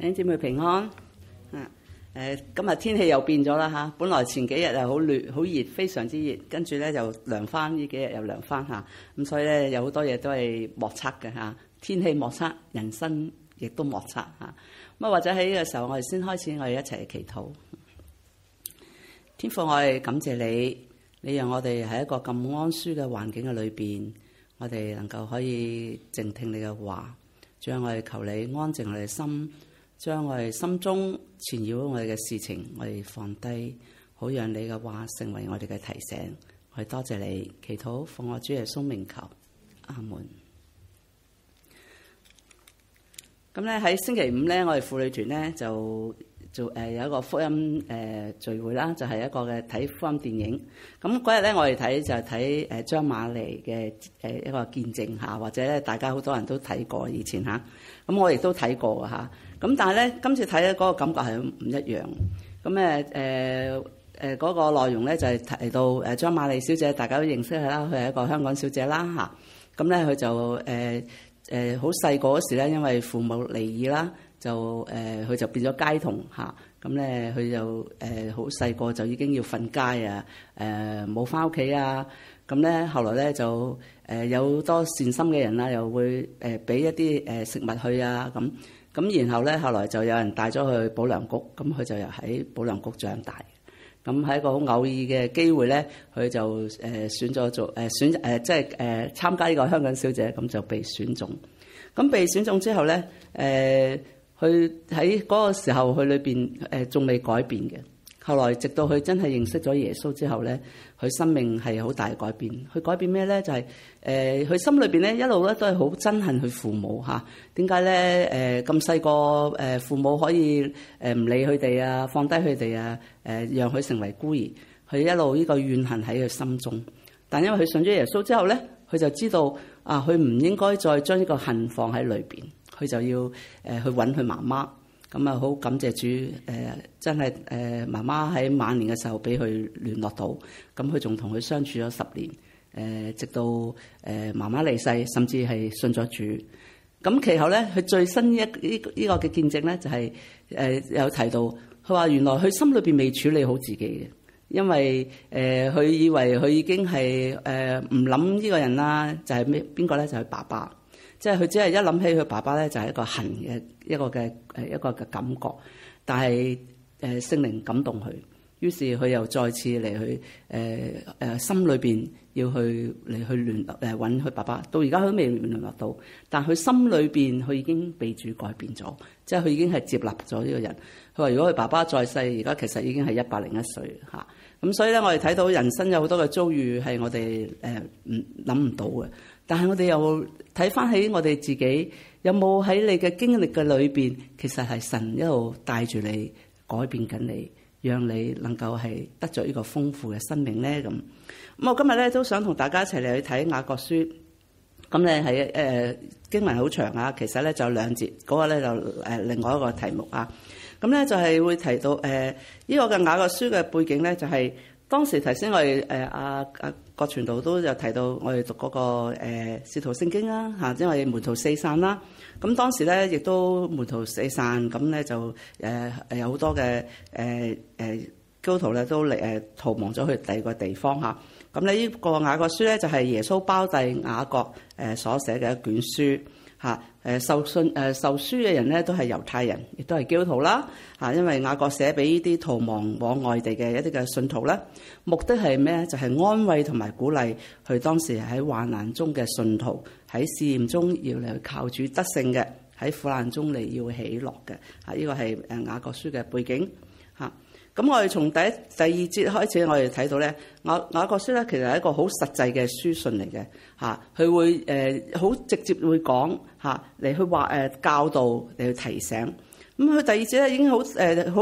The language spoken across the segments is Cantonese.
你姐妹平安，誒，今日天氣又變咗啦吓，本來前幾日又好暖，好熱，非常之熱，跟住咧又涼翻，呢幾日又涼翻吓，咁所以咧有好多嘢都係莫測嘅吓，天氣莫測，人生亦都莫測吓，咁啊或者喺呢個時候，我哋先開始，我哋一齊祈禱，天父，我哋感謝你，你讓我哋喺一個咁安舒嘅環境嘅裏邊，我哋能夠可以靜聽你嘅話，仲有我哋求你安靜我哋心。將我哋心中纏繞我哋嘅事情，我哋放低，好讓你嘅話成為我哋嘅提醒。我哋多謝你，祈禱奉我主耶穌名求，阿門。咁咧喺星期五咧，我哋婦女團咧就做誒有一個福音誒聚會啦，就係、是、一個嘅睇福音電影。咁嗰日咧，我哋睇就係睇誒張瑪麗嘅誒一個見證嚇，或者咧大家好多人都睇過以前嚇，咁我亦都睇過嚇。咁但係咧，今次睇咧嗰個感覺係唔一樣。咁、呃呃那個、呢，嗰個內容咧就係提到誒張瑪麗小姐，大家都認識啦，佢係一個香港小姐啦。咁咧佢就好細個嗰時咧，因為父母離異啦，就佢、呃、就變咗街童。咁咧佢就好細個就已經要瞓街啊，冇翻屋企啊。咁咧、嗯、後來咧就、呃、有多善心嘅人啦，又會誒俾一啲食物佢啊咁。嗯咁然後咧，後來就有人帶咗去保良局，咁佢就又喺保良局長大。咁喺一個好偶爾嘅機會咧，佢就誒選咗做誒選誒、呃、即係誒參加呢個香港小姐，咁就被選中。咁被選中之後咧，誒佢喺嗰個時候佢裏邊誒仲未改變嘅。後來直到佢真係認識咗耶穌之後咧，佢生命係好大嘅改變。佢改變咩咧？就係誒，佢心裏邊咧一路咧都係好憎恨佢父母吓。點解咧？誒咁細個誒，父母可以誒唔理佢哋啊，放低佢哋啊，誒讓佢成為孤兒。佢一路呢個怨恨喺佢心中。但因為佢信咗耶穌之後咧，佢就知道啊，佢唔應該再將呢個恨放喺裏邊。佢就要誒去揾佢媽媽。咁啊，好感謝主！誒真係誒媽媽喺晚年嘅時候俾佢聯絡到，咁佢仲同佢相處咗十年。誒直到誒媽媽離世，甚至係信咗主。咁其後咧，佢最新一呢呢個嘅見證咧，就係誒有提到，佢話原來佢心裏邊未處理好自己嘅，因為誒佢以為佢已經係誒唔諗呢個人啦，就係咩邊個咧？就係爸爸。即係佢只係一諗起佢爸爸咧，就係一個恨嘅一個嘅誒一個嘅感覺。但係誒聖靈感動佢，於是佢又再次嚟去誒誒心裏邊要去嚟去聯絡誒揾佢爸爸。到而家佢都未聯絡到，但係佢心裏邊佢已經被主改變咗，即係佢已經係接納咗呢個人。佢話如果佢爸爸在世，而家其實已經係一百零一歲嚇。咁所以咧，我哋睇到人生有好多嘅遭遇係我哋誒唔諗唔到嘅。但係我哋又睇翻喺我哋自己有冇喺你嘅經歷嘅裏面，其實係神一路帶住你改變緊你，讓你能夠係得著呢個豐富嘅生命咧咁。咁我今日咧都想同大家一齊嚟去睇雅各書。咁咧係誒經文好長啊，其實咧就兩節嗰個咧就誒另外一個題目啊。咁咧就係會提到誒呢、這個嘅雅各書嘅背景咧就係、是。當時提醒我哋，誒阿阿郭傳道都有提到我讀、那個，我哋讀嗰個誒《使徒聖經》啦，嚇，因為門徒四散啦。咁當時咧，亦都門徒四散，咁咧就誒誒有好多嘅誒誒基督徒咧都嚟誒逃亡咗去第二個地方嚇。咁咧呢個雅各書咧就係耶穌胞弟雅各誒所寫嘅一卷書。嚇，誒受信誒受書嘅人咧，都係猶太人，亦都係基督徒啦。嚇，因為雅各寫俾呢啲逃亡往外地嘅一啲嘅信徒啦，目的係咩？就係安慰同埋鼓勵佢當時喺患難中嘅信徒喺試驗中要嚟靠主得勝嘅，喺苦難中嚟要起落嘅。嚇，依個係誒雅各書嘅背景。咁我哋從第一、第二節開始我，我哋睇到咧，雅各書咧其實係一個好實際嘅書信嚟嘅，佢、啊、會好、呃、直接會講嚟、啊、去話、啊、教導嚟去提醒。咁佢第二節咧已經好好、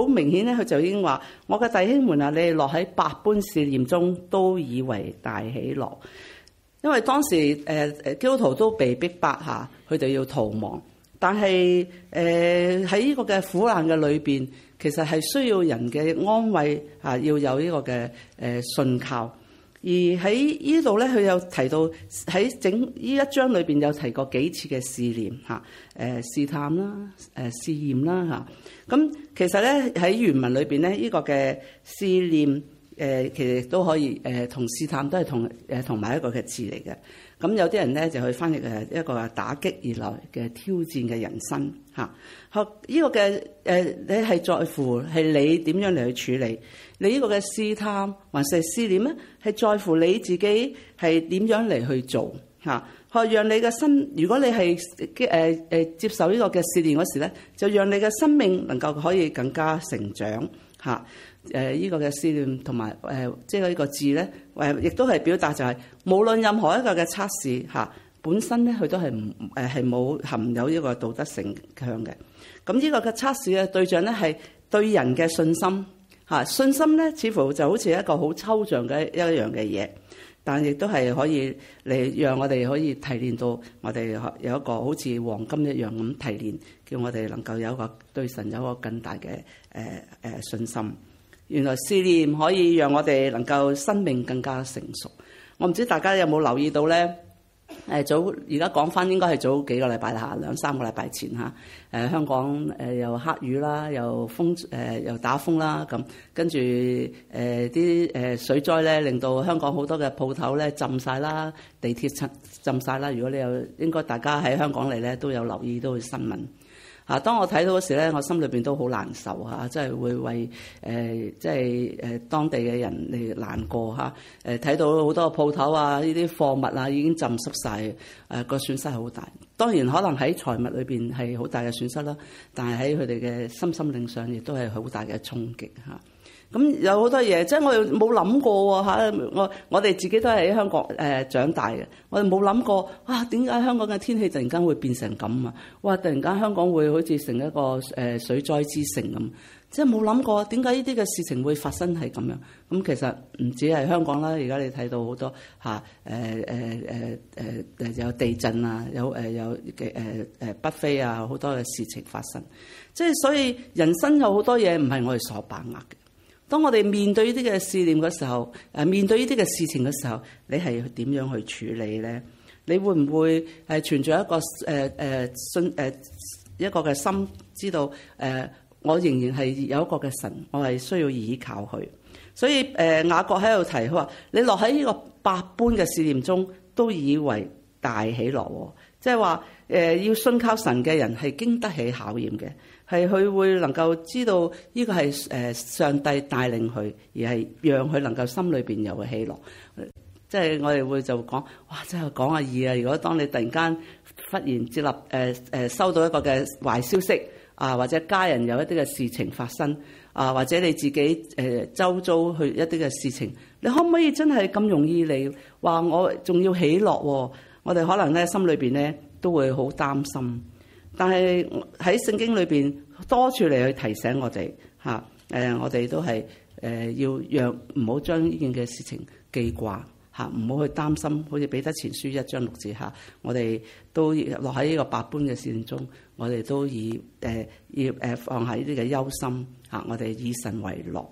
呃、明顯咧，佢就已經話：我嘅弟兄們啊，你哋落喺百般試驗中，都以為大喜樂。因為當時誒、呃、基督徒都被逼迫下，佢、啊、哋要逃亡。但係誒喺呢個嘅苦難嘅裏邊，其實係需要人嘅安慰啊，要有呢個嘅誒信靠。而喺呢度咧，佢有提到喺整呢一章裏邊有提過幾次嘅試煉嚇，誒試探啦，誒試驗啦嚇。咁、嗯、其實咧喺原文裏邊咧，呢、這個嘅試煉誒其實都可以誒、呃、同試探都係同誒同埋一個嘅字嚟嘅。咁有啲人咧就去翻譯一個打擊而來嘅挑戰嘅人生吓，學呢、啊，這個嘅、啊、你係在乎係你點樣嚟去處理你呢個嘅試探還是思點咧？係在乎你自己係點樣嚟去做吓？啊我讓你嘅心，如果你係嘅誒接受呢個嘅試煉嗰時咧，就讓你嘅生命能夠可以更加成長嚇。誒、這個、呢個嘅試煉同埋誒即係呢個字咧，誒亦都係表達就係、是、無論任何一個嘅測試嚇，本身咧佢都係唔誒係冇含有呢個道德性向嘅。咁呢個嘅測試嘅對象咧係對人嘅信心嚇，信心咧似乎就好似一個好抽象嘅一樣嘅嘢。但亦都係可以嚟讓我哋可以提煉到我哋有一個好似黃金一樣咁提煉，叫我哋能夠有一個對神有個更大嘅誒誒信心。原來思念可以讓我哋能夠生命更加成熟。我唔知大家有冇留意到咧？誒早而家講返，應該係早幾個禮拜啦，兩三個禮拜前香港誒又黑雨啦，又風又打風啦，咁跟住誒啲水災咧，令到香港好多嘅鋪頭咧浸晒啦，地鐵浸浸晒啦。如果你有，應該大家喺香港嚟咧都有留意到新聞。當我睇到嗰時咧，我心裏面都好難受嚇，真係會為即係當地嘅人嚟難過。睇到好多鋪頭啊，呢啲貨物啊已經浸濕曬，個損失係好大。當然可能喺財物裏面係好大嘅損失啦，但係喺佢哋嘅心心靈上，亦都係好大嘅衝擊。咁有好多嘢，即係我冇諗過喎嚇。我我哋自己都係喺香港誒長大嘅、啊啊啊，我哋冇諗過哇，點、啊、解香港嘅天氣突然間會變成咁 啊？哇！突然間香港會好似成一個誒水災之城咁，即係冇諗過點解呢啲嘅事情會發生係咁樣。咁其實唔止係香港啦，而家你睇到好多嚇誒誒誒誒誒有地震啊，有誒有誒誒北非啊，好多嘅事情發生。即係所以人生有好多嘢唔係我哋所把握嘅。當我哋面對呢啲嘅試驗嘅時候，誒面對呢啲嘅事情嘅時候，你係點樣去處理咧？你會唔會係存在一個誒誒、呃、信誒、呃、一個嘅心，知道誒、呃、我仍然係有一個嘅神，我係需要依靠佢。所以誒、呃、雅各喺度提佢話：你落喺呢個百般嘅試驗中，都以為大喜樂。即係話，誒，要信靠神嘅人係經得起考驗嘅，係佢會能夠知道呢個係誒上帝帶領佢，而係讓佢能夠心裏邊有個喜樂。即係我哋會就講、是，哇！真係講下二啊！如果當你突然間忽然接立，誒誒，收到一個嘅壞消息啊，或者家人有一啲嘅事情發生啊，或者你自己誒、啊、周遭去一啲嘅事情，你可唔可以真係咁容易嚟話我仲要喜樂，啊？我哋可能咧，心裏邊咧都會好擔心，但係喺聖經裏邊多處嚟去提醒我哋嚇。誒，我哋都係誒要讓唔好將呢件嘅事情記掛嚇，唔好去擔心。好似彼得前書一章六字嚇，我哋都落喺呢個百般嘅試煉中，我哋都以誒要誒放下呢啲嘅憂心嚇，我哋以神為樂。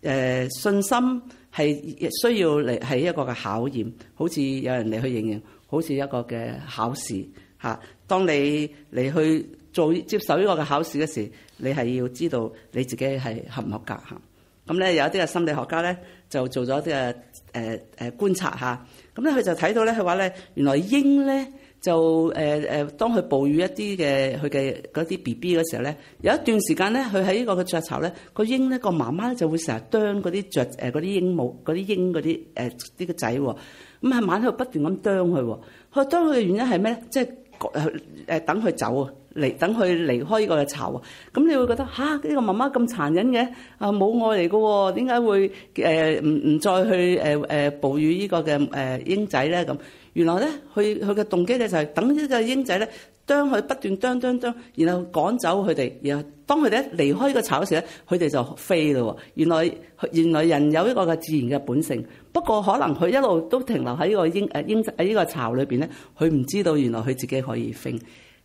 誒信心係需要嚟係一個嘅考驗，好似有人嚟去形容。好似一個嘅考試嚇，當你嚟去做接受呢個嘅考試嘅時，你係要知道你自己係合唔合格嚇。咁咧有一啲嘅心理學家咧就做咗一啲嘅誒誒觀察下，咁咧佢就睇到咧佢話咧，原來英咧。就誒誒，當佢哺乳一啲嘅佢嘅嗰啲 B B 嘅時候咧，有一段時間咧，佢喺呢個嘅巢咧，個鷹咧個媽媽咧就會成日啄嗰啲著誒嗰啲鸚鵡嗰啲鷹啲誒啲個仔喎，咁、嗯、係晚喺度不斷咁啄佢喎。佢啄佢嘅原因係咩咧？即係誒誒等佢走啊，離等佢離開呢個巢啊。咁、嗯、你會覺得吓，呢、啊呢個媽媽咁殘忍嘅啊，冇愛嚟㗎，點解會誒唔唔再去誒誒哺乳呢個嘅誒鷹仔咧咁？原來咧，佢佢嘅動機咧就係等呢個鷹仔咧，將佢不斷啄啄啄，然後趕走佢哋。然後當佢哋一離開這個巢時咧，佢哋就飛咯。原來原來人有一個嘅自然嘅本性，不過可能佢一路都停留喺呢個鷹誒鷹喺呢個巢裏邊咧，佢唔知道原來佢自己可以飛。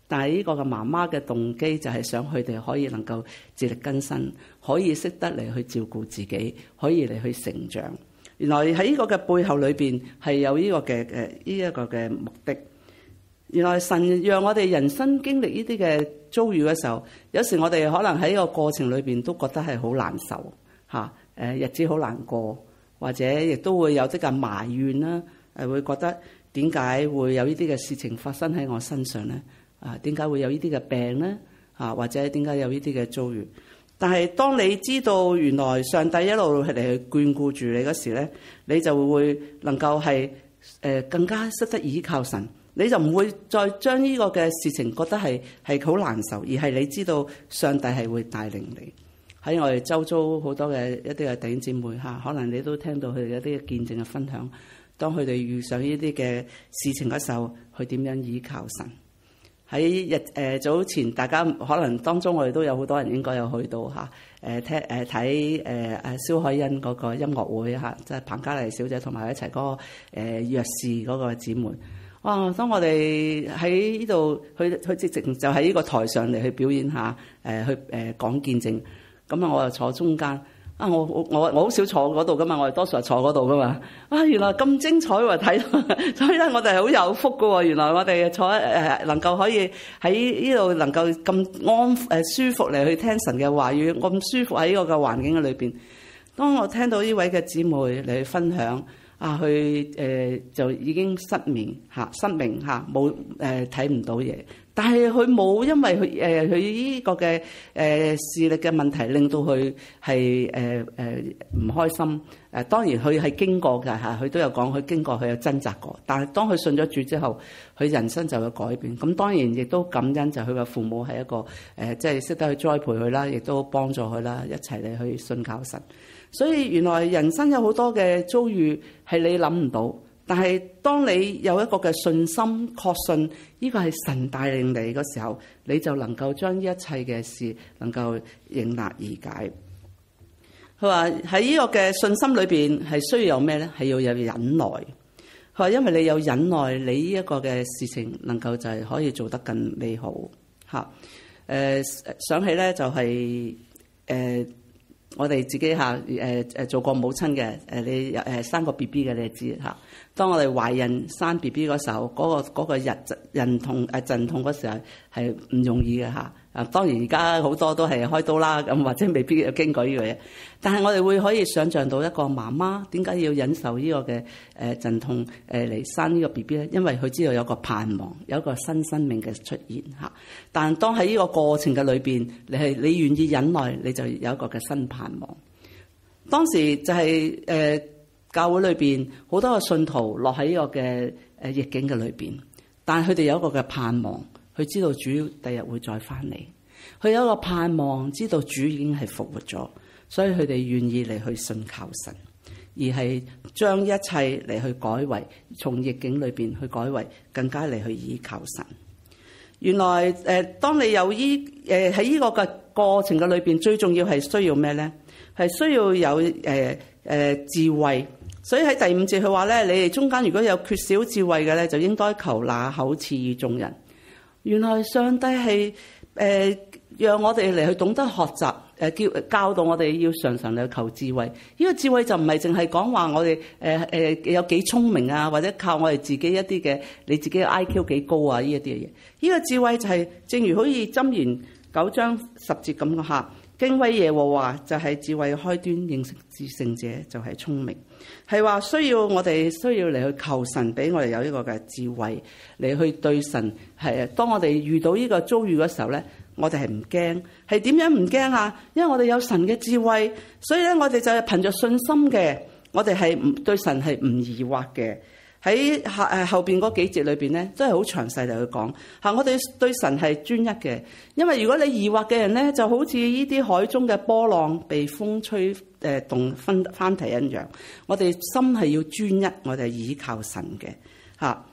但係呢個嘅媽媽嘅動機就係想佢哋可以能夠自力更生，可以識得嚟去照顧自己，可以嚟去成長。原來喺呢個嘅背後裏邊係有呢個嘅誒呢一個嘅目的。原來神讓我哋人生經歷呢啲嘅遭遇嘅時候，有時我哋可能喺個過程裏邊都覺得係好難受嚇，誒日子好難過，或者亦都會有啲嘅埋怨啦，誒會覺得點解會有呢啲嘅事情發生喺我身上咧？啊，點解會有這些呢啲嘅病咧？啊，或者點解有呢啲嘅遭遇？但係，當你知道原來上帝一路係嚟去眷顧住你嗰時咧，你就會能夠係誒更加識得依靠神，你就唔會再將呢個嘅事情覺得係係好難受，而係你知道上帝係會帶領你。喺我哋周遭好多嘅一啲嘅弟兄姊妹嚇，可能你都聽到佢哋一啲嘅見證嘅分享，當佢哋遇上呢啲嘅事情嗰時候，佢點樣依靠神？喺日誒早前，大家可能當中我哋都有好多人應該有去到嚇誒聽誒睇誒阿蕭凱恩嗰個音樂會嚇，即係彭嘉麗小姐同埋一齊嗰個弱視嗰個姊妹。哇、啊！當我哋喺呢度去去直情就喺呢個台上嚟去表演下誒去誒講見證，咁啊我啊坐中間。啊！我我我我好少坐嗰度噶嘛，我哋多數係坐嗰度噶嘛。啊！原來咁精彩，喎，睇，所以咧我哋係好有福噶喎。原來我哋坐誒、呃、能夠可以喺呢度能夠咁安、呃、舒服嚟去聽神嘅話語，咁舒服喺呢個嘅環境嘅裏面。當我聽到呢位嘅姊妹嚟去分享，啊，佢誒就已經失眠失明冇誒睇唔到嘢。但係佢冇因為佢誒佢呢個嘅誒視力嘅問題令到佢係誒誒唔開心誒。當然佢係經過㗎吓，佢都有講，佢經過佢有掙扎過。但係當佢信咗主之後，佢人生就有改變。咁當然亦都感恩就佢個父母係一個誒，即係識得去栽培佢啦，亦都幫助佢啦，一齊嚟去信教神。所以原來人生有好多嘅遭遇係你諗唔到。但係，當你有一個嘅信心，確信呢，這個係神帶領你嘅時候，你就能夠將呢一切嘅事能夠迎刃而解。佢話喺呢個嘅信心裏邊係需要有咩咧？係要有忍耐。佢話，因為你有忍耐，你呢一個嘅事情能夠就係可以做得更美好。吓，誒，想起咧就係、是、誒。嗯我哋自己吓，誒誒，做過母親嘅誒，你誒，生過 B B 嘅你知吓。當我哋懷孕生 B B 嗰時候，嗰個嗰個陣陣痛誒，陣、啊、痛嗰時候係唔容易嘅吓。啊，當然而家好多都係開刀啦，咁或者未必要經過呢個嘢。但係我哋會可以想象到一個媽媽點解要忍受這個生這個呢個嘅誒陣痛誒嚟生呢個 B B 咧？因為佢知道有一個盼望，有一個新生命嘅出現吓。但係當喺呢個過程嘅裏邊，係你願意忍耐，你就有一個嘅新盼望。當時就係誒教會裏邊好多嘅信徒落喺呢個嘅誒逆境嘅裏邊，但係佢哋有一個嘅盼望。佢知道主第日會再翻嚟，佢有一個盼望，知道主已經係復活咗，所以佢哋願意嚟去信靠神，而係將一切嚟去改為，從逆境裏邊去改為更加嚟去依靠神。原來當你有依喺呢個嘅過程嘅裏邊，最重要係需要咩咧？係需要有誒誒、呃呃、智慧。所以喺第五節佢話咧，你哋中間如果有缺少智慧嘅咧，就應該求那厚賜與眾人。原來上帝係誒讓我哋嚟去懂得學習誒，叫教導我哋要常常嚟去求智慧。呢、這個智慧就唔係淨係講話我哋誒誒有幾聰明啊，或者靠我哋自己一啲嘅你自己嘅 I Q 幾高啊呢一啲嘅嘢。呢、這個智慧就係正如好似《箴言》九章十節咁嘅嚇，敬畏耶和華就係智慧嘅開端，認識至聖者就係聰明。係話需要我哋需要嚟去求神俾我哋有呢個嘅智慧嚟去對神係。當我哋遇到呢個遭遇嘅時候咧，我哋係唔驚，係點樣唔驚啊？因為我哋有神嘅智慧，所以咧我哋就係憑着信心嘅，我哋係唔對神係唔疑惑嘅。喺後誒後邊嗰幾節裏邊咧，都係好詳細嚟去講。吓，我哋對神係專一嘅，因為如果你疑惑嘅人咧，就好似呢啲海中嘅波浪被風吹。誒同分番題一樣，我哋心係要專一，我哋倚靠神嘅嚇，呢、啊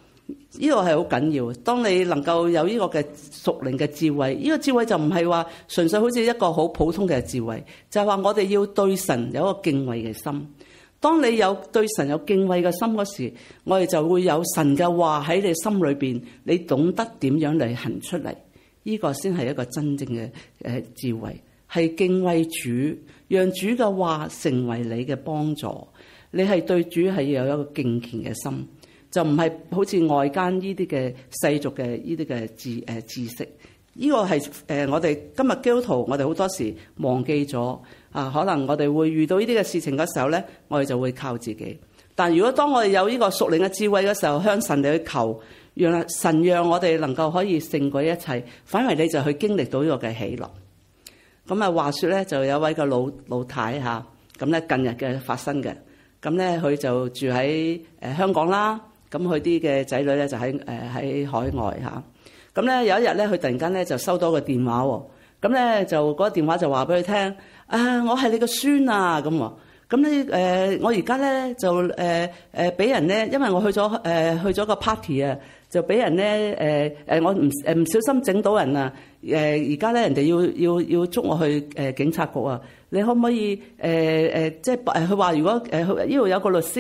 這個係好緊要。當你能夠有呢個嘅屬靈嘅智慧，呢、這個智慧就唔係話純粹好似一個好普通嘅智慧，就係、是、話我哋要對神有一個敬畏嘅心。當你有對神有敬畏嘅心嗰時，我哋就會有神嘅話喺你心裏邊，你懂得點樣嚟行出嚟，呢、這個先係一個真正嘅誒智慧。係敬畏主，讓主嘅話成為你嘅幫助。你係對主係要有一個敬虔嘅心，就唔係好似外間呢啲嘅世俗嘅呢啲嘅誒知識。呢、這個係誒我哋今日基督徒，我哋好多時忘記咗啊。可能我哋會遇到呢啲嘅事情嘅時候咧，我哋就會靠自己。但如果當我哋有呢個屬靈嘅智慧嘅時候，向神哋去求，讓神讓我哋能夠可以勝過一切，反而你就去經歷到呢個嘅喜樂。咁啊，話說咧，就有位個老老太吓，咁咧近日嘅發生嘅。咁咧佢就住喺香港啦，咁佢啲嘅仔女咧就喺喺海外，咁咧有一日咧，佢突然間咧就收到個電話喎，咁咧就嗰個電話就話俾佢聽，啊，我係你個孫啊，咁喎，咁咧誒，我而家咧就誒誒俾人咧，因為我去咗誒去咗個 party 啊。就俾人咧誒誒，我唔誒唔小心整到人啊！誒、呃、而家咧人哋要要要捉我去誒警察局啊！你可唔可以誒誒即係誒佢話如果誒呢度有個律師，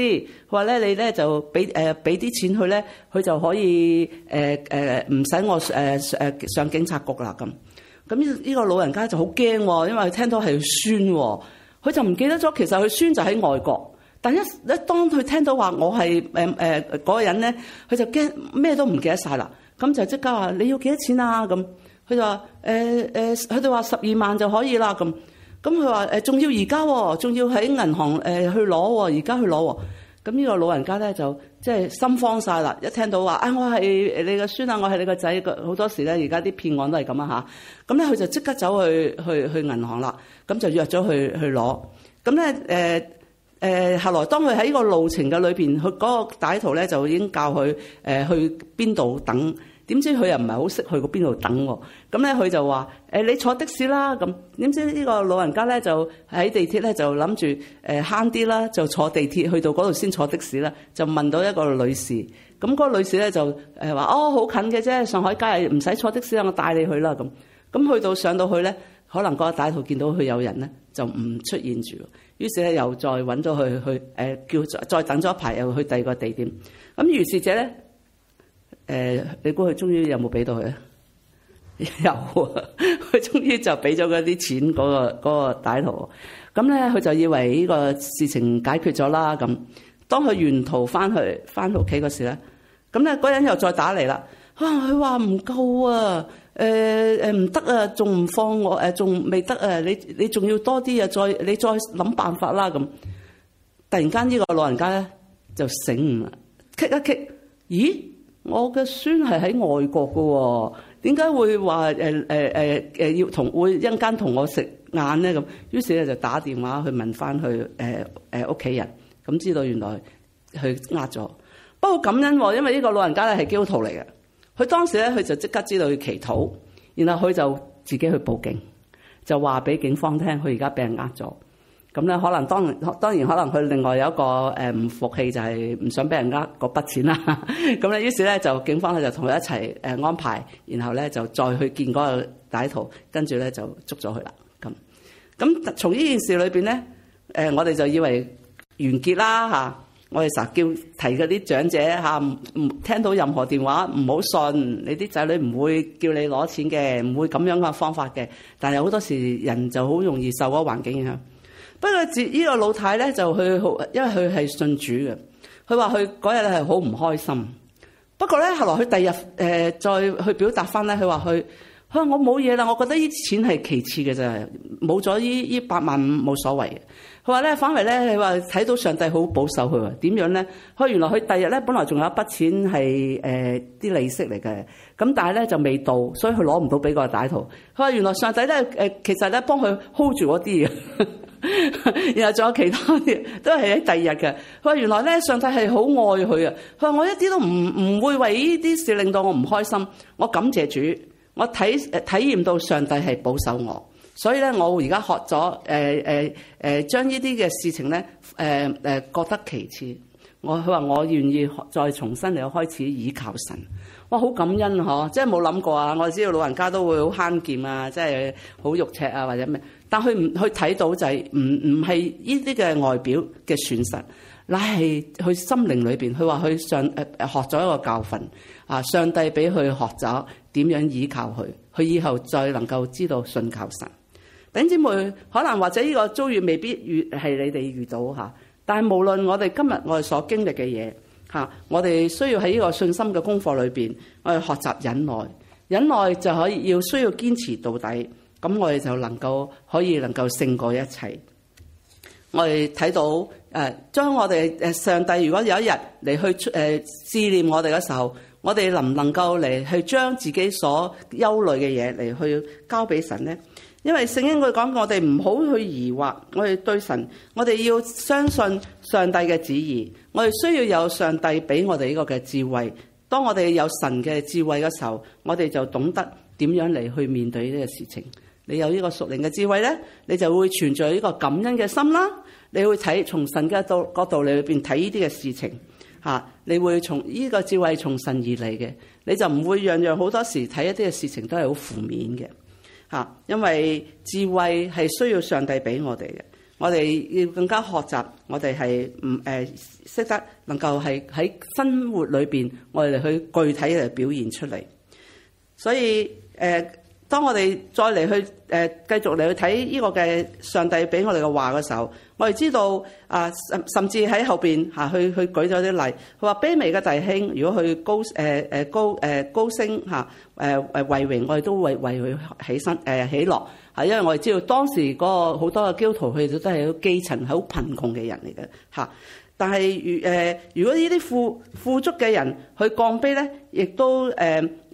佢話咧你咧就俾誒俾啲錢佢咧，佢就可以誒誒唔使我誒誒上，上警察局啦咁。咁呢個老人家就好驚，因為佢聽到係孫，佢就唔記得咗其實佢孫就喺外國。但一一當佢聽到話我係誒誒嗰個人咧，佢就驚咩都唔記得晒啦，咁就即刻話你要幾多錢啊？咁佢就話誒誒，佢哋話十二萬就可以啦。咁咁佢話誒，仲要而家喎，仲要喺銀行誒去攞喎、哦，而家去攞喎、哦。咁呢個老人家咧就即係心慌晒啦，一聽到話啊、哎，我係你個孫啊，我係你個仔，好多時咧而家啲騙案都係咁啊嚇。咁咧佢就即刻走去去去銀行啦，咁就約咗去去攞。咁咧誒。欸誒後來當佢喺呢個路程嘅裏邊，佢嗰個歹徒咧就已經教佢誒、呃、去邊度等。點知佢又唔係好識去個邊度等喎、啊？咁咧佢就話誒、呃、你坐的士啦咁。點、嗯、知呢個老人家咧就喺地鐵咧就諗住誒慳啲啦，就坐地鐵去到嗰度先坐的士啦。就問到一個女士，咁、嗯、嗰、嗰個女士咧就誒話哦，好近嘅啫，上海街唔使坐的士，我帶你去啦咁。咁、嗯嗯、去到上到去咧，可能嗰個歹徒見到佢有人咧，就唔出現住。於是咧，又再揾咗佢去，誒叫再等咗一排，又去第二個地點。咁於是者咧，誒你估佢終於有冇俾到佢啊？有，佢終於就俾咗嗰啲錢嗰個嗰個歹徒。咁咧，佢就以為呢個事情解決咗啦。咁當佢沿途翻去翻屋企嗰時咧，咁咧嗰人又再打嚟啦。哇！佢話唔夠啊！誒誒唔得啊，仲唔放我？誒、呃、仲未得啊！你你仲要多啲啊！再你再諗辦法啦、啊、咁。突然間呢個老人家咧就醒悟啦，噎一噎，咦？我嘅孫係喺外國噶喎、哦，點解會話誒誒誒誒要同會一陣間同我食晏咧咁？於是咧就打電話去問翻佢誒誒屋企人，咁知道原來佢呃咗，不過感恩、啊，因為呢個老人家咧係基督徒嚟嘅。佢當時咧，佢就即刻知道佢祈禱，然後佢就自己去報警，就話俾警方聽，佢而家俾人呃咗。咁咧，可能當當然可能佢另外有一個誒唔服氣，就係唔想俾人呃嗰筆錢啦。咁咧，於是咧就警方咧就同佢一齊誒安排，然後咧就再去見嗰個歹徒，跟住咧就捉咗佢啦。咁咁從呢件事裏邊咧，誒我哋就以為完結啦嚇。我哋成日叫提嗰啲長者吓，唔聽聽到任何電話，唔好信。你啲仔女唔會叫你攞錢嘅，唔會咁樣嘅方法嘅。但係好多時人就好容易受嗰環境影響。不過自呢個老太咧就去，因為佢係信主嘅。佢話佢嗰日係好唔開心。不過咧，後來佢第二日再去表達翻咧，佢話佢，佢話我冇嘢啦，我覺得呢啲錢係其次嘅啫。冇咗依依八萬五冇所謂嘅，佢話咧反為咧，你話睇到上帝好保守佢喎？點樣咧？佢話原來佢第日咧，本來仲有一筆錢係啲、呃、利息嚟嘅，咁但係咧就未到，所以佢攞唔到俾個大徒。佢話原來上帝咧、呃、其實咧幫佢 hold 住嗰啲， 然後仲有其他啲嘢都係喺第二日嘅。佢話原來咧上帝係好愛佢啊！佢話我一啲都唔唔會為呢啲事令到我唔開心，我感謝主，我體、呃、體驗到上帝係保守我。所以咧，我而家學咗誒誒誒，將呢啲嘅事情咧誒誒，覺得其次。我佢話我願意學再重新嚟開始倚靠神，哇！好感恩嗬，即係冇諗過啊！我知道老人家都會好慳儉啊，即係好肉赤啊或者咩，但佢唔去睇到就係唔唔係呢啲嘅外表嘅損失，乃係佢心靈裏面，佢話佢上誒、呃、學咗一個教訓啊，上帝俾佢學咗點樣倚靠佢，佢以後再能夠知道信靠神。弟兄姊妹，可能或者呢個遭遇未必遇係你哋遇到吓，但係無論我哋今日我哋所經歷嘅嘢吓，我哋需要喺呢個信心嘅功課裏邊，我哋學習忍耐，忍耐就可以要需要堅持到底，咁我哋就能夠可以能夠勝過一切。我哋睇到誒，將我哋誒上帝，如果有一日嚟去誒試煉我哋嘅時候，我哋能唔能夠嚟去將自己所憂慮嘅嘢嚟去交俾神咧？因為聖經佢講，我哋唔好去疑惑，我哋對神，我哋要相信上帝嘅旨意。我哋需要有上帝俾我哋呢個嘅智慧。當我哋有神嘅智慧嘅時候，我哋就懂得點樣嚟去面對呢個事情。你有呢個屬靈嘅智慧咧，你就會存在呢個感恩嘅心啦。你會睇從神嘅度角度嚟裏邊睇呢啲嘅事情，嚇，你會從呢個智慧從神而嚟嘅，你就唔會樣樣好多時睇一啲嘅事情都係好負面嘅。因為智慧係需要上帝俾我哋嘅，我哋要更加學習，我哋係唔誒識得能夠係喺生活裏面，我哋去具體嚟表現出嚟，所以誒當我哋再嚟去誒繼續嚟去睇呢個嘅上帝俾我哋嘅話嘅時候，我哋知道啊，甚至喺後邊嚇去去舉咗啲例，佢話卑微嘅弟兄，如果去高誒誒高誒高升嚇誒誒為榮，我哋都為為佢起身誒起落，係因為我哋知道當時嗰個好多嘅基督徒佢哋都係好基層、好貧窮嘅人嚟嘅嚇。但是如誒，如果呢啲富富足嘅人去降卑咧，亦都誒誒、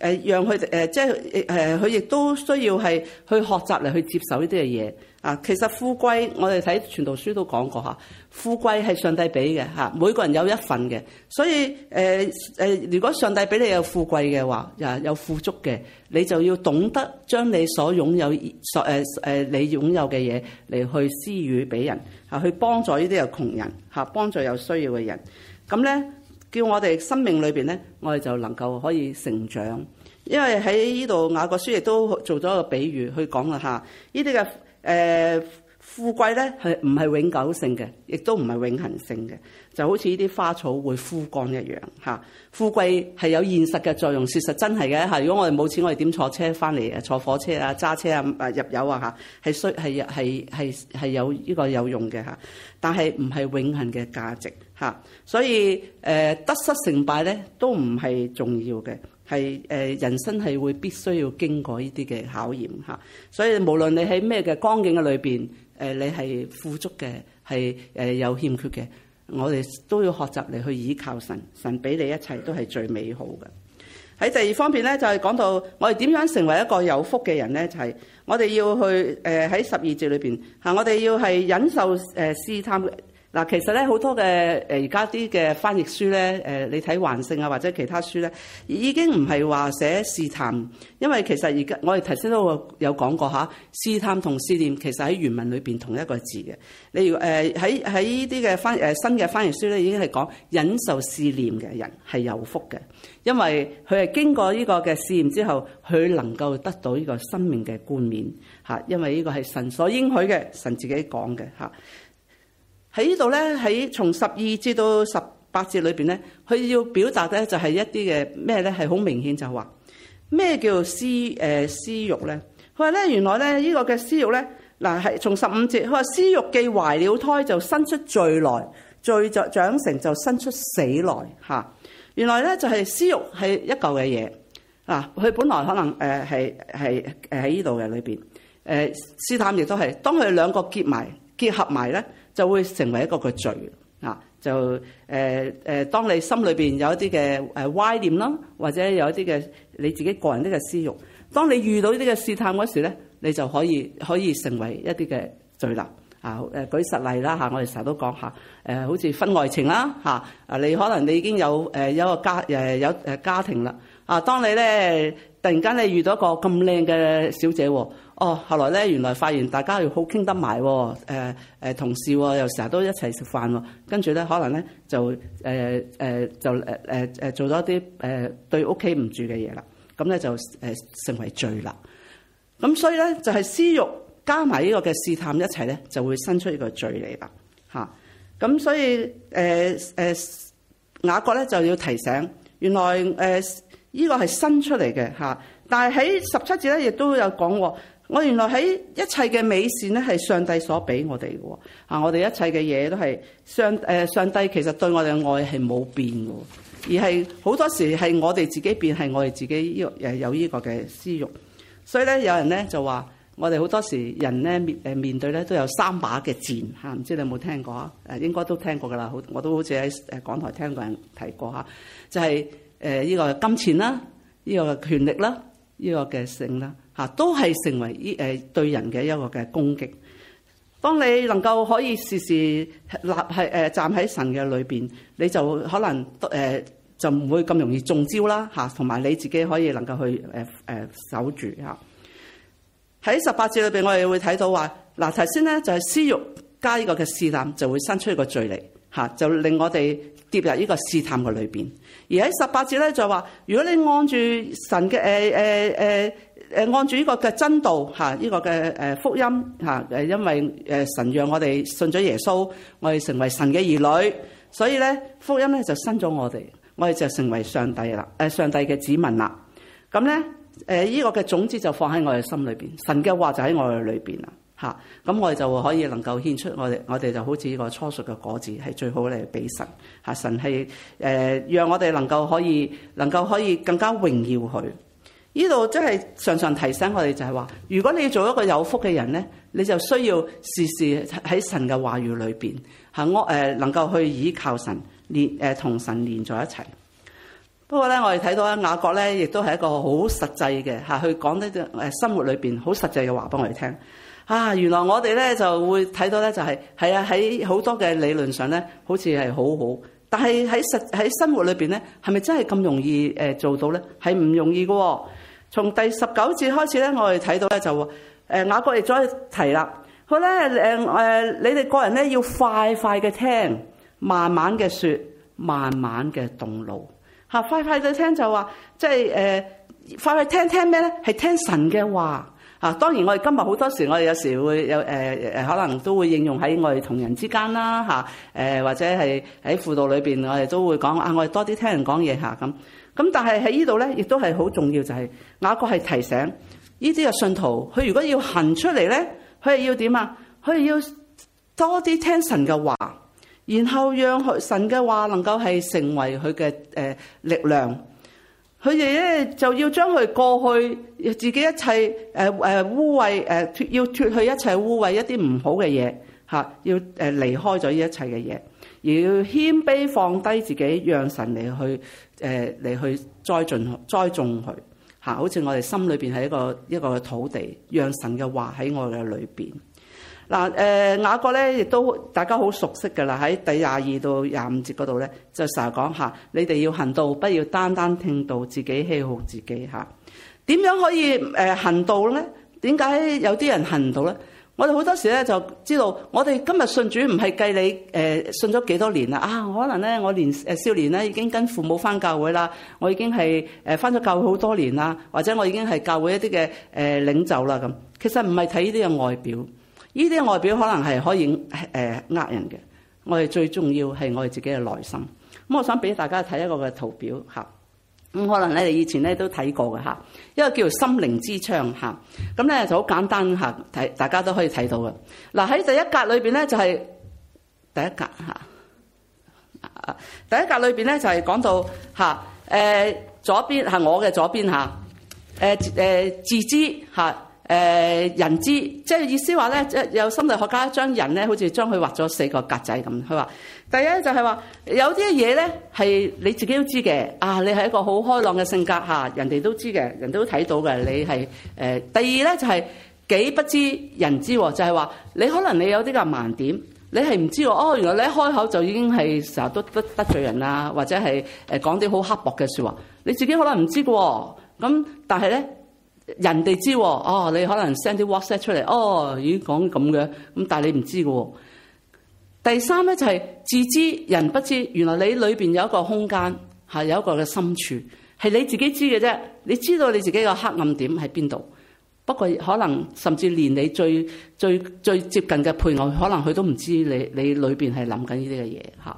呃，讓佢誒、呃，即係誒，佢、呃、亦都需要係去學習嚟去接受呢啲嘅嘢。啊，其實富貴，我哋睇《傳道書》都講過嚇。富貴係上帝俾嘅嚇，每個人有一份嘅。所以誒誒如果上帝俾你有富貴嘅話，又有富足嘅，你就要懂得將你所擁有你擁有，所誒你擁有嘅嘢嚟去施予俾人嚇，去幫助呢啲有窮人嚇，幫助有需要嘅人。咁咧，叫我哋生命裏面咧，我哋就能夠可以成長，因為喺呢度雅各書亦都做咗個比喻去講啦嚇。呢啲嘅。誒富貴咧係唔係永久性嘅，亦都唔係永恆性嘅，就好似呢啲花草會枯乾一樣嚇。富貴係有現實嘅作用，事實真係嘅嚇。如果我哋冇錢，我哋點坐車翻嚟？坐火車啊，揸車啊，入油啊嚇，係需係係係係有呢個有用嘅嚇。但係唔係永恆嘅價值嚇，所以誒得失成敗咧都唔係重要嘅。係誒人生係會必須要經過呢啲嘅考驗嚇，所以無論你喺咩嘅光景嘅裏邊，誒你係富足嘅，係誒有欠缺嘅，我哋都要學習嚟去依靠神，神俾你一切都係最美好嘅。喺第二方面咧，就係、是、講到我哋點樣成為一個有福嘅人咧，就係、是、我哋要去誒喺十二節裏邊嚇，我哋要係忍受誒試探。嗱，其實咧好多嘅而家啲嘅翻譯書咧，你睇《還聖》啊或者其他書咧，已經唔係話寫試探，因為其實而家我哋頭先都有講過下試探同試煉其實喺原文裏面同一個字嘅。例如喺喺呢啲嘅翻譯新嘅翻譯書咧，已經係講忍受試煉嘅人係有福嘅，因為佢係經過呢個嘅試驗之後，佢能夠得到呢個生命嘅冠冕嚇，因為呢個係神所應許嘅，神自己講嘅嚇。喺呢度咧，喺從十二至到十八節裏邊咧，佢要表達咧就係一啲嘅咩咧，係好明顯就話咩叫私誒私慾咧？佢話咧原來咧呢個嘅私慾咧，嗱、呃、係從十五節，佢話私慾既懷了胎，就生出罪來，罪著長成，就生出死來嚇、啊。原來咧就係私慾係一嚿嘅嘢啊，佢本來可能誒係係誒喺呢度嘅裏邊誒試探，亦都係當佢哋兩個結埋結合埋咧就會成為一個個罪啊！就誒誒、呃呃，當你心裏邊有一啲嘅誒歪念啦，或者有一啲嘅你自己個人啲嘅私慾。當你遇到呢啲嘅試探嗰時咧，你就可以可以成為一啲嘅罪啦啊！誒舉實例啦嚇，我哋成日都講下誒，好似婚外情啦嚇、啊，你可能你已經有誒一個家誒有誒家庭啦啊！當你咧突然間你遇到一個咁靚嘅小姐喎。哦，後來咧，原來發現大家要好傾得埋，誒誒同事、哦、又成日都一齊食飯，跟住咧可能咧就誒、呃、誒就誒誒誒做咗啲誒對屋企唔住嘅嘢啦，咁咧就誒成為罪啦。咁所以咧就係私慾加埋呢個嘅試探一齊咧，就會生出呢個罪嚟啦。嚇，咁所以誒誒雅各咧就要提醒，原來誒、呃、呢個係生出嚟嘅嚇，但係喺十七節咧亦都有講喎。我原來喺一切嘅美善咧，係上帝所俾我哋嘅喎。我哋一切嘅嘢都係上誒上帝其實對我哋嘅愛係冇變嘅，而係好多時係我哋自己變，係我哋自己依個有呢個嘅私欲。所以咧，有人咧就話，我哋好多時人咧面誒面對咧都有三把嘅箭嚇，唔知你有冇聽過啊？誒應該都聽過噶啦，好，我都好似喺誒港台聽過人提過嚇，就係誒依個金錢啦，呢個權力啦，呢個嘅性啦。啊，都係成為呢誒對人嘅一個嘅攻擊。當你能夠可以時時立係誒站喺神嘅裏邊，你就可能誒就唔會咁容易中招啦。吓，同埋你自己可以能夠去誒誒守住吓。喺十八節裏邊，我哋會睇到話，嗱，頭先咧就係私欲加呢個嘅試探，就會生出一個罪嚟吓，就令我哋跌入呢個試探嘅裏邊。而喺十八節咧就話，如果你按住神嘅誒誒誒。欸欸欸誒按住呢個嘅真道嚇，呢個嘅福音，因為神讓我哋信咗耶穌，我哋成為神嘅兒女，所以咧福音咧就生咗我哋，我哋就成為上帝啦，上帝嘅子民啦。咁咧呢個嘅種子就放喺我哋心裏面，神嘅話就喺我哋裏面啦嚇。咁我哋就可以能夠獻出我哋，我哋就好似呢個初熟嘅果子，係最好嚟俾神嚇。神係誒讓我哋能夠可以能夠可以更加榮耀佢。呢度真係常常提醒我哋就係話，如果你要做一個有福嘅人咧，你就需要時時喺神嘅話語裏邊嚇，我誒能夠去倚靠神連誒同神連在一齊。不過咧，我哋睇到咧，雅各咧亦都係一個好實際嘅嚇，去講呢啲誒生活裏邊好實際嘅話，俾我哋聽。啊，原來我哋咧就會睇到咧就係係啊喺好多嘅理論上咧，好似係好好，但係喺實喺生活裏邊咧，係咪真係咁容易誒做到咧？係唔容易嘅喎、哦。從第十九節開始咧，我哋睇到咧就話，誒雅各亦再提啦。好咧，誒你哋個人咧要快快嘅聽，慢慢嘅說，慢慢嘅動腦嚇。快快地聽就話，即係誒快快聽聽咩咧？係聽神嘅話嚇。當然我哋今日好多時，我哋有時會有、呃、可能都會應用喺我哋同人之間啦、呃、或者係喺輔導裏面，我哋都會講啊，我哋多啲聽人講嘢嚇咁。咁但係喺呢度咧，亦都係好重要，就係雅各係提醒呢啲嘅信徒，佢如果要行出嚟咧，佢係要點啊？佢係要多啲聽神嘅話，然後讓神嘅話能夠係成為佢嘅誒力量。佢哋咧就要將佢過去自己一切誒誒污穢誒，要脫去一切污穢一啲唔好嘅嘢嚇，要誒離開咗呢一切嘅嘢。而要謙卑放低自己，讓神嚟去誒嚟、呃、去栽進栽種佢嚇，好似我哋心裏邊係一個一個土地，讓神嘅話喺我嘅裏邊嗱，誒雅各咧，亦都大家好熟悉嘅啦，喺第廿二到廿五節嗰度咧就成日講下：「你哋要行道，不要單單聽道自己欺哄自己嚇，點、啊、樣可以誒行道咧？點解有啲人行唔到咧？我哋好多時咧就知道，我哋今日信主唔係計你信咗幾多年啦，啊，啊可能咧我年少年咧已經跟父母翻教會啦，我已經係返翻咗教會好多年啦，或者我已經係教會一啲嘅領袖啦咁。其實唔係睇呢啲嘅外表，呢啲嘅外表可能係可以誒呃人嘅。我哋最重要係我哋自己嘅內心。咁我想俾大家睇一個嘅圖表嚇。咁可能咧，你以前咧都睇過嘅嚇，一個叫做《心靈之窗》嚇，咁咧就好簡單嚇，睇大家都可以睇到嘅。嗱喺第一格裏邊咧，就係第一格嚇，第一格裏邊咧就係講到嚇，誒、啊、左邊係我嘅左邊嚇，誒、啊、誒自知嚇。啊誒、呃、人知，即係意思話咧，即係有心理學家將人咧，好似將佢畫咗四個格仔咁。佢話：第一就係話，有啲嘢咧係你自己都知嘅，啊，你係一個好開朗嘅性格、啊、人哋都知嘅，人都睇到嘅，你係誒、呃。第二咧就係、是、幾不知人知，就係、是、話你可能你有啲嘅盲點，你係唔知喎。哦，原來你一開口就已經係成日都得得罪人啦，或者係誒講啲好刻薄嘅說話，你自己可能唔知喎。咁、嗯、但係咧。人哋知哦，你可能 send 啲 WhatsApp 出嚟哦，已經講咁嘅，咁但係你唔知嘅。第三咧就係、是、自知人不知，原來你裏邊有一個空間嚇，有一個嘅深處係你自己知嘅啫，你知道你自己嘅黑暗點喺邊度。不過可能甚至連你最最最接近嘅配偶，可能佢都唔知你你裏邊係諗緊呢啲嘅嘢嚇。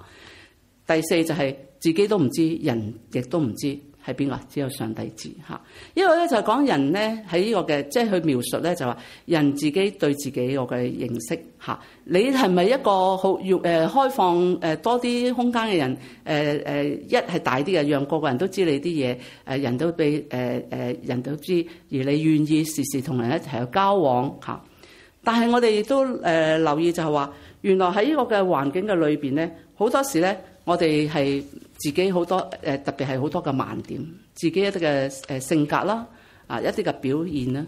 第四就係、是、自己都唔知，人亦都唔知。係邊個？只有上帝知嚇。一個咧就係講人咧喺呢個嘅，即係去描述咧就話人自己對自己個嘅認識嚇。你係咪一個好用誒開放誒多啲空間嘅人？誒誒一係大啲嘅，讓個個人都知你啲嘢誒，人都俾誒誒人都知，而你願意時時同人一齊去交往嚇。但係我哋亦都誒留意就係話，原來喺呢個嘅環境嘅裏邊咧，好多時咧。我哋係自己好多誒，特別係好多嘅盲點，自己一啲嘅誒性格啦，啊一啲嘅表現啦。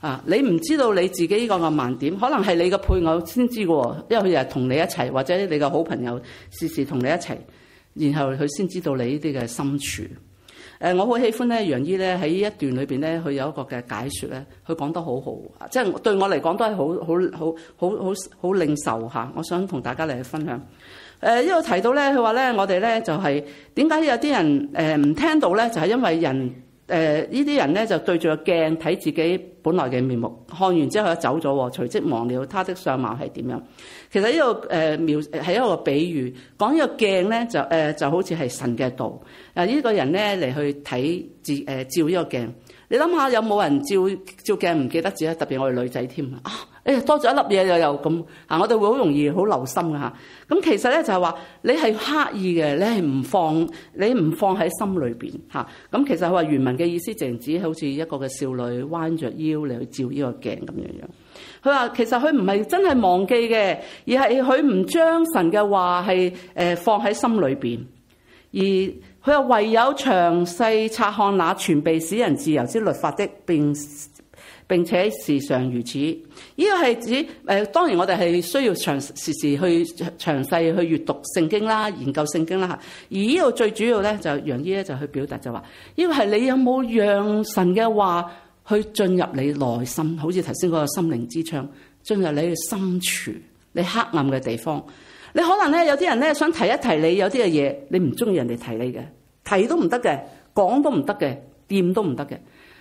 啊你唔知道你自己呢個嘅盲點，可能係你嘅配偶先知嘅，因為佢又係同你一齊，或者你嘅好朋友事事同你一齊，然後佢先知道你呢啲嘅心處。誒，我好喜歡咧，楊姨咧喺呢一段裏邊咧，佢有一個嘅解説咧，佢講得好好，即係對我嚟講都係好好好好好好領受嚇。我想同大家嚟分享。誒，因為提到咧，佢話咧，我哋咧就係點解有啲人誒唔聽到咧，就係因為人誒呢啲人咧就對住個鏡睇自己。本來嘅面目，看完之後走咗，隨即忘了他的相貌係點樣。其實呢、這個誒描係一個比喻，講呢個鏡咧就誒、呃、就好似係神嘅道。誒呢個人咧嚟去睇自誒照呢個鏡，你諗下有冇人照照鏡唔記得自己，特別我哋女仔添啊，誒、哎、多咗一粒嘢又又咁吓，我哋會好容易好留心噶吓。咁其實咧就係、是、話你係刻意嘅，你係唔放你唔放喺心裏邊吓。咁其實佢話原文嘅意思淨係指好似一個嘅少女彎着腰。嚟去照呢個鏡咁樣樣，佢話其實佢唔係真係忘記嘅，而係佢唔將神嘅話係誒放喺心裏邊，而佢又唯有詳細察看那全備使人自由之律法的，並並且時常如此。呢個係指誒，當然我哋係需要詳時時去詳細去閱讀聖經啦，研究聖經啦吓。而呢個最主要咧就楊姨咧就去表達就話，呢個係你有冇讓神嘅話？去進入你內心，好似頭先嗰個心靈之窗，進入你嘅心處、你黑暗嘅地方。你可能咧，有啲人咧想提一提你，有啲嘅嘢你唔中意人哋提你嘅，提都唔得嘅，講都唔得嘅，掂都唔得嘅。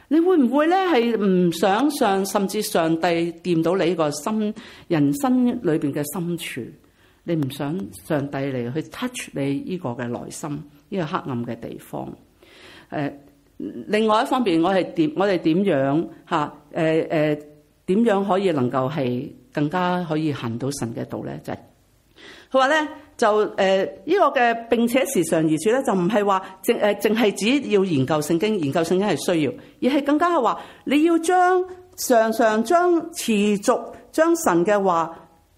你會唔會咧係唔想上，甚至上帝掂到你個心、人生裏邊嘅心處？你唔想上帝嚟去 touch 你呢個嘅內心，呢、這個黑暗嘅地方，誒？另外一方面，我係點我哋點樣吓？誒、呃、誒，點、呃、樣可以能夠係更加可以行到神嘅道咧？就係佢話咧，就誒呢、呃這個嘅，並且時常如此咧，就唔係話淨誒淨係只、呃、只要研究聖經，研究聖經係需要，而係更加係話，你要將常常將持續將神嘅話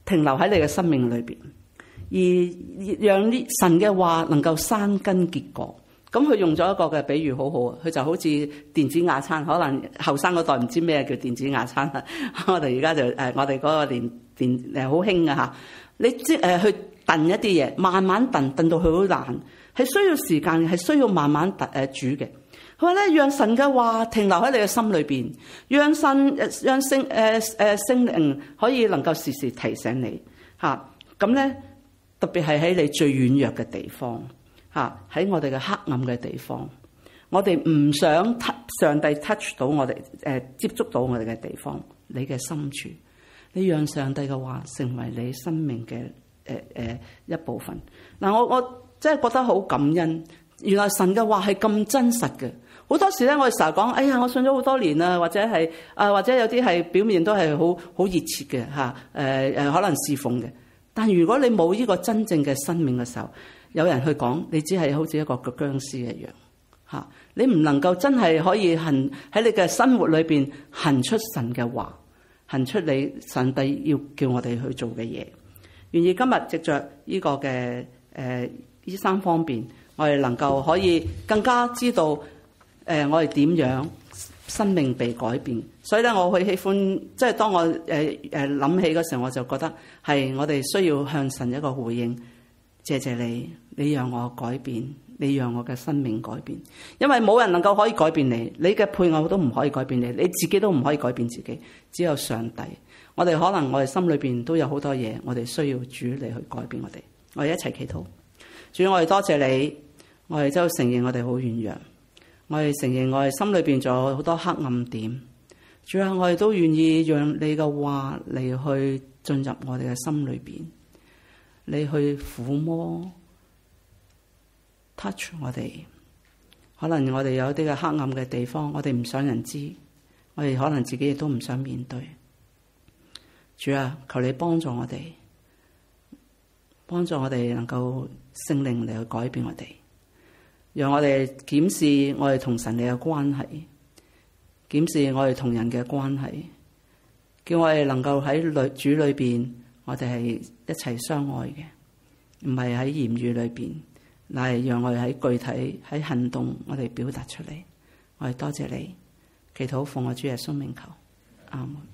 停留喺你嘅生命裏邊，而讓啲神嘅話能夠生根結果。咁佢用咗一個嘅比喻好，好好，佢就好似電子瓦罉。可能後生嗰代唔知咩叫電子瓦罉啦。我哋而家就我哋嗰個年電好興㗎。你即誒去燉一啲嘢，慢慢燉，燉到佢好爛，係需要時間，係需要慢慢燉誒煮嘅。佢話咧，讓神嘅話停留喺你嘅心裏面，讓神誒讓聖誒誒、呃、聖靈可以能夠時時提醒你嚇。咁咧，特別係喺你最軟弱嘅地方。嚇！喺我哋嘅黑暗嘅地方，我哋唔想上帝 touch 到我哋，誒接觸到我哋嘅地方，你嘅深處，你讓上帝嘅話成為你生命嘅誒誒一部分。嗱，我我真係覺得好感恩，原來神嘅話係咁真實嘅。好多時咧，我哋成日講，哎呀，我信咗好多年啊，或者係啊，或者有啲係表面都係好好熱切嘅吓，誒誒，可能侍奉嘅。但如果你冇呢個真正嘅生命嘅時候，有人去講，你只係好似一個個僵屍一樣，吓！你唔能夠真係可以行喺你嘅生活裏邊行出神嘅話，行出你上帝要叫我哋去做嘅嘢。願意今日藉着呢個嘅誒呢三方面，我哋能夠可以更加知道誒我哋點樣生命被改變。所以咧，我好喜歡即係當我誒誒諗起嗰時候，我就覺得係我哋需要向神一個回應，謝謝你。你讓我改變，你讓我嘅生命改變。因為冇人能夠可以改變你，你嘅配偶都唔可以改變你，你自己都唔可以改變自己。只有上帝。我哋可能我哋心裏邊都有好多嘢，我哋需要主嚟去改變我哋。我哋一齊祈禱，主，我哋多謝，謝你。我哋就承認我哋好軟弱，我哋承認我哋心裏邊仲有好多黑暗點。主要我哋都願意讓你嘅話嚟去進入我哋嘅心裏邊，你去撫摸。touch 我哋，可能我哋有啲嘅黑暗嘅地方，我哋唔想人知，我哋可能自己亦都唔想面對。主啊，求你幫助我哋，幫助我哋能夠聖靈嚟去改變我哋，讓我哋檢視我哋同神你嘅關係，檢視我哋同人嘅關係，叫我哋能夠喺裏主裏邊，我哋係一齊相愛嘅，唔係喺言語裏邊。來，讓我哋喺具體喺行動我哋表達出嚟，我哋多謝你，祈禱，奉我主耶穌名求，阿門。